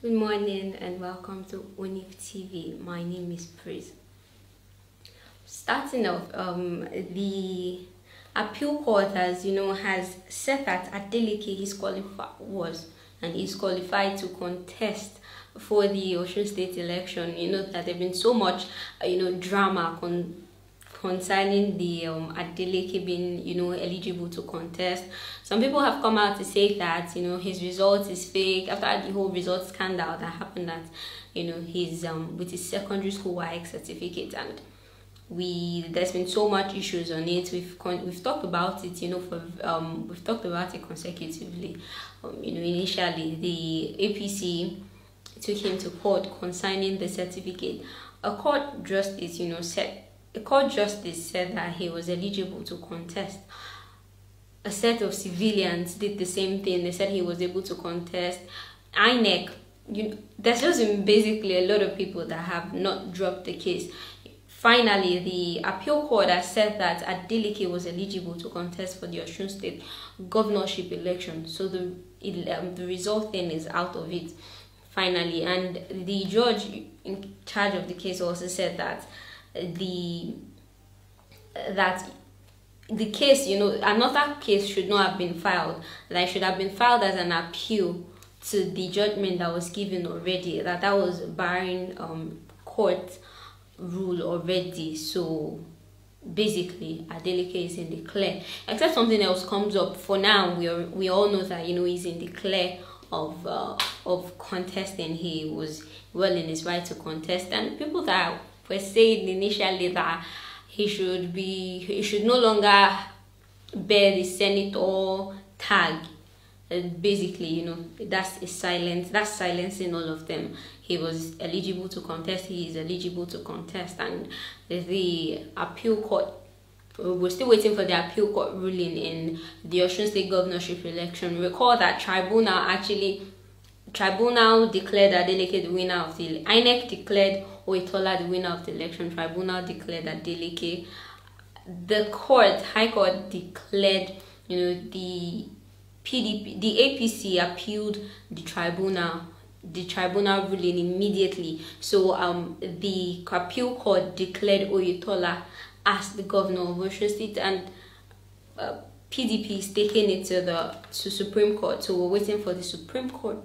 Good morning and welcome to UNIF TV. My name is Praise. Starting off, um, the appeal court, as you know, has said that Adeleke is qualified was and is qualified to contest for the Ocean State election. You know that there've been so much, uh, you know, drama con concerning the um, Adeleke being, you know, eligible to contest. Some people have come out to say that, you know, his result is fake after the whole result scandal that happened that, you know, his um with his secondary school YX certificate and we there's been so much issues on it we've con- we've talked about it you know for um we've talked about it consecutively um, you know initially the apc took him to court concerning the certificate a court justice you know said a court justice said that he was eligible to contest. A set of civilians did the same thing. They said he was able to contest. INEC, you, there's just basically a lot of people that have not dropped the case. Finally, the appeal court has said that Adeleke was eligible to contest for the Oshun State governorship election, so the um, the result then is out of it. Finally, and the judge in charge of the case also said that the that the case you know another case should not have been filed that should have been filed as an appeal to the judgment that was given already that that was barring um court rule already so basically adeleke is in the clear except something else comes up for now we are, we all know that you know he's in the clear of uh, of contesting he was well in his right to contest and people that were saying initially that he should be he should no longer bear the senator tag basically you know that's a silence that's silencing all of them he was eligible to contest he is eligible to contest and the appeal court we're still waiting for the appeal court ruling in the Ocean State governorship election. Recall that tribunal actually Tribunal declared Adeleke the winner of the INEC declared Oitola the winner of the election. Tribunal declared Adeleke. The court, High Court declared, you know, the PDP, the APC appealed the tribunal the tribunal ruling immediately. So um the appeal court declared Oyetola as the governor of Osun State and uh, PDP is taking it to the to Supreme Court. So we're waiting for the Supreme Court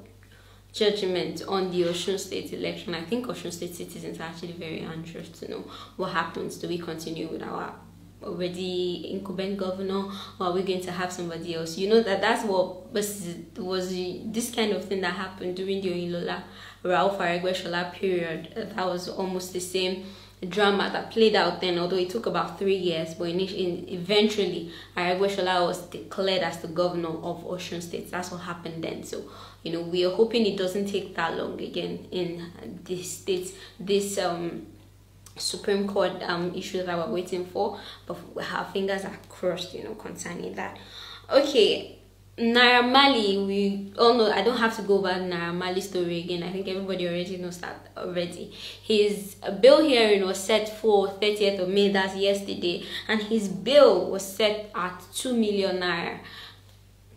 judgment on the Ocean State election. I think Ocean State citizens are actually very anxious to know what happens. Do we continue with our already incumbent governor or are we going to have somebody else you know that that's what was, was this kind of thing that happened during the Oilola Ralph Aregweshola period that was almost the same drama that played out then, although it took about three years, but in, in, eventually Aragweshola was declared as the governor of Ocean State. That's what happened then. So, you know, we are hoping it doesn't take that long again in this state, this um, Supreme Court um, issue that we're waiting for, but our fingers are crossed, you know, concerning that. Okay, Naira Mali, we all know. I don't have to go back Naira Mali story again. I think everybody already knows that already. His bail hearing was set for 30th of May, that's yesterday, and his bail was set at 2 million naira.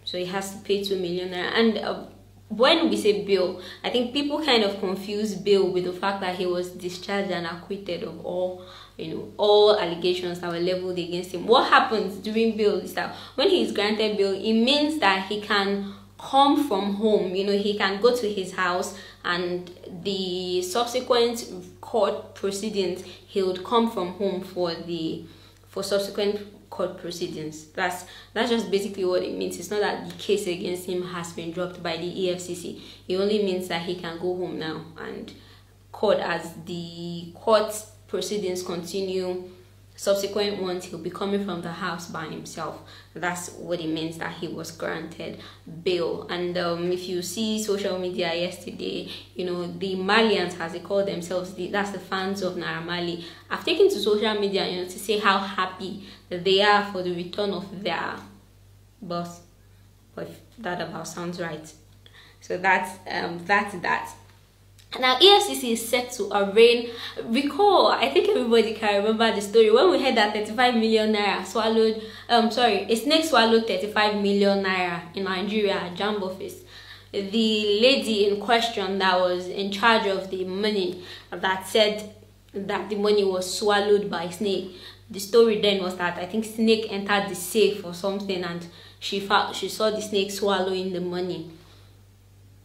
So he has to pay 2 million naira. And uh, when we say bail, I think people kind of confuse bail with the fact that he was discharged and acquitted of all you know all allegations that were leveled against him. What happens during bail is that when he is granted bail, it means that he can come from home. You know, he can go to his house and the subsequent court proceedings he would come from home for the for subsequent court proceedings. That's that's just basically what it means. It's not that the case against him has been dropped by the EFCC. It only means that he can go home now and court as the court proceedings continue subsequent ones he'll be coming from the house by himself that's what it means that he was granted bail and um, if you see social media yesterday you know the malians as they call themselves the, that's the fans of naramali i've taken to social media you know to say how happy they are for the return of their boss but that about sounds right so that's um, that's that Now, EFCC is set to arraign. Recall, I think everybody can remember the story when we heard that 35 million naira swallowed, um, sorry, a snake swallowed 35 million naira in Nigeria at Jamb office. The lady in question that was in charge of the money that said that the money was swallowed by snake. The story then was that I think snake entered the safe or something and she felt she saw the snake swallowing the money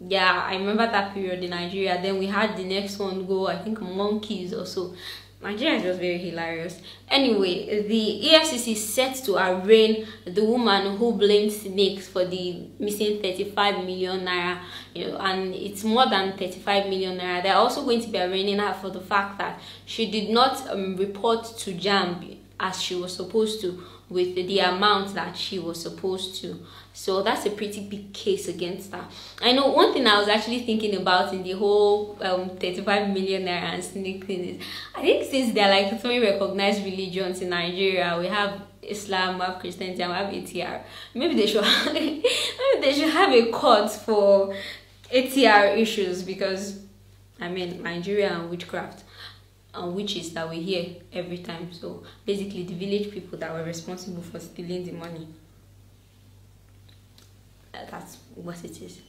yeah, I remember that period in Nigeria. Then we had the next one go, I think monkeys or so. Nigeria is just very hilarious. Anyway, the EFCC set to arraign the woman who blamed snakes for the missing 35 million naira, you know, and it's more than 35 million naira. They're also going to be arraigning her for the fact that she did not um, report to jam as she was supposed to with the amount that she was supposed to. So that's a pretty big case against her. I know one thing I was actually thinking about in the whole um, 35 millionaire and snake thing is I think since there are like three recognized religions in Nigeria, we have Islam, we have Christianity, and we have ATR. Maybe they should have, maybe they should have a court for ATR issues because I mean Nigeria and witchcraft uh, witches that we hear every time. So basically, the village people that were responsible for stealing the money. that's what it is.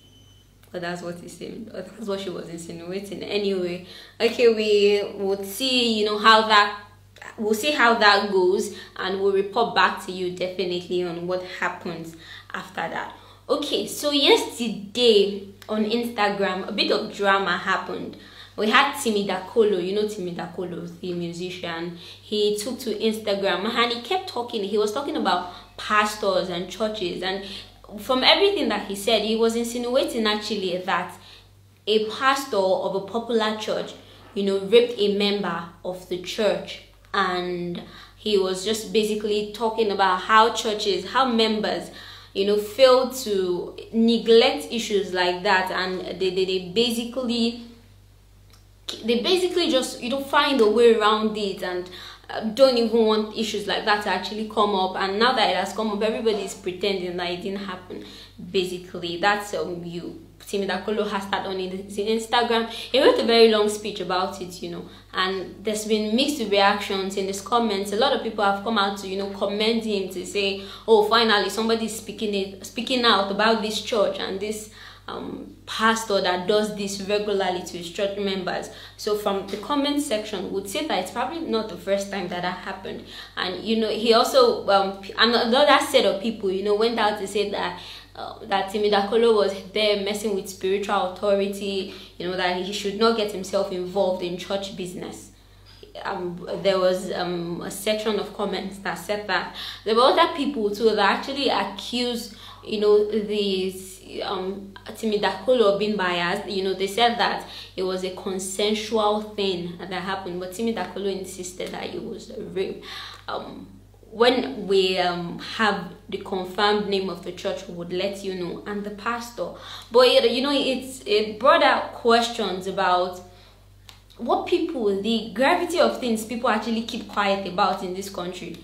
But that's what it seemed. That's what she was insinuating. Anyway, okay, we would see. You know how that. We'll see how that goes, and we'll report back to you definitely on what happens after that. Okay, so yesterday on Instagram, a bit of drama happened we had Timmy Dakolo, you know Timmy Dakolo, the musician. He took to Instagram and he kept talking. He was talking about pastors and churches. And from everything that he said, he was insinuating actually that a pastor of a popular church, you know, raped a member of the church. And he was just basically talking about how churches, how members, you know, fail to neglect issues like that. And they, they, they basically they basically just you don't find a way around it and um, don't even want issues like that to actually come up and now that it has come up everybody is pretending that it didn't happen basically that's um you Timothy Dakolo has that on his Instagram. He wrote a very long speech about it, you know, and there's been mixed reactions in his comments. A lot of people have come out to, you know, commend him to say, oh, finally somebody's speaking it, speaking out about this church and this um, pastor that does this regularly to his church members. So from the comment section, would say that it's probably not the first time that that happened. And you know, he also um, another set of people, you know, went out to say that. Uh, that Timidakolo was there messing with spiritual authority, you know, that he should not get himself involved in church business. Um, there was um, a section of comments that said that. There were other people too that actually accused you know this um Timidakolo being biased, you know, they said that it was a consensual thing that happened, but Timidakolo insisted that it was a rape. Um, when we um, have the confirmed name of the church, we would let you know, and the pastor. But it, you know, it's it brought out questions about what people, the gravity of things people actually keep quiet about in this country.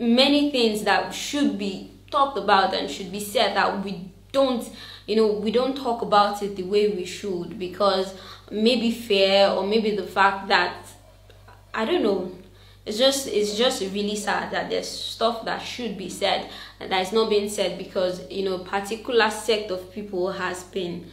Many things that should be talk about and should be said that we don't, you know, we don't talk about it the way we should because maybe fear or maybe the fact that, I don't know, it's just, it's just really sad that there's stuff that should be said that is not being said because you know, particular sect of people has been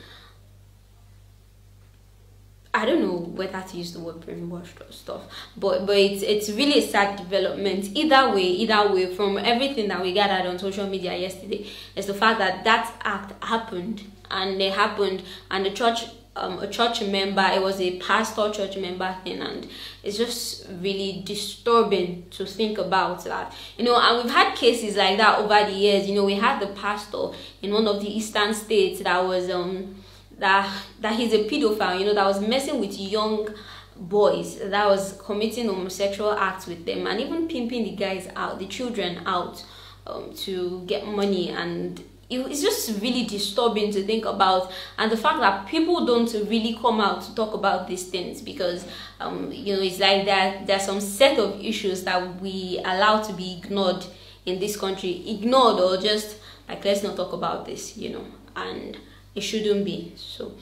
I don't know whether to use the word brainwashed or stuff, but but it's it's really a sad development. Either way, either way, from everything that we gathered on social media yesterday, is the fact that that act happened and it happened, and the church, um, a church member, it was a pastor church member thing, and it's just really disturbing to think about that. You know, and we've had cases like that over the years. You know, we had the pastor in one of the eastern states that was um that that he's a pedophile you know that was messing with young boys that was committing homosexual acts with them and even pimping the guys out the children out um, to get money and it's just really disturbing to think about and the fact that people don't really come out to talk about these things because um, you know it's like that there's some set of issues that we allow to be ignored in this country ignored or just like let's not talk about this you know and it shouldn't be. So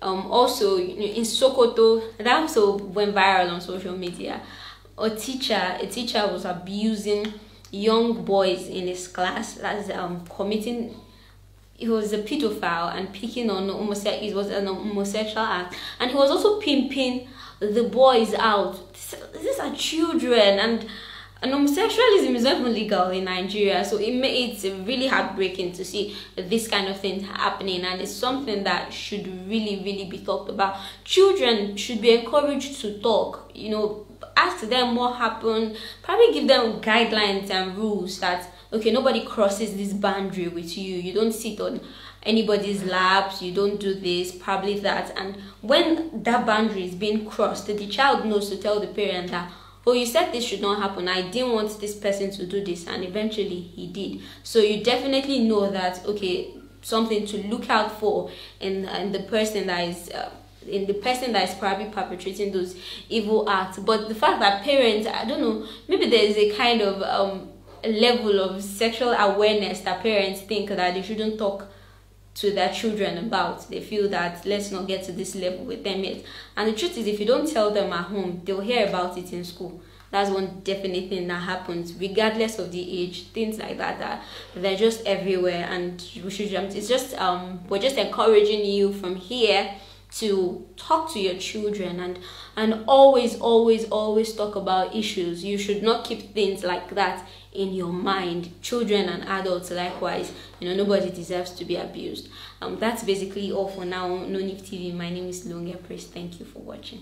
um, also in Sokoto, that also went viral on social media. A teacher, a teacher was abusing young boys in his class as um, committing he was a pedophile and picking on homosexual it was an homosexual act and he was also pimping the boys out these are children and and homosexualism is even legal in Nigeria. So it may, it's really heartbreaking to see this kind of thing happening, and it's something that should really, really be talked about. Children should be encouraged to talk. You know, ask them what happened. Probably give them guidelines and rules that okay, nobody crosses this boundary with you. You don't sit on anybody's laps, you don't do this, probably that. And when that boundary is being crossed, the child knows to tell the parent that oh you said this should not happen i didn't want this person to do this and eventually he did so you definitely know that okay something to look out for in, in the person that is uh, in the person that is probably perpetrating those evil acts but the fact that parents i don't know maybe there is a kind of um level of sexual awareness that parents think that they shouldn't talk to their children about. They feel that let's not get to this level with them yet. And the truth is, if you don't tell them at home, they'll hear about it in school. That's one definite thing that happens, regardless of the age. Things like that, that they're just everywhere, and we should. It's just um, we're just encouraging you from here to talk to your children and and always always always talk about issues you should not keep things like that in your mind children and adults likewise you know nobody deserves to be abused um that's basically all for now no nif tv my name is longa press thank you for watching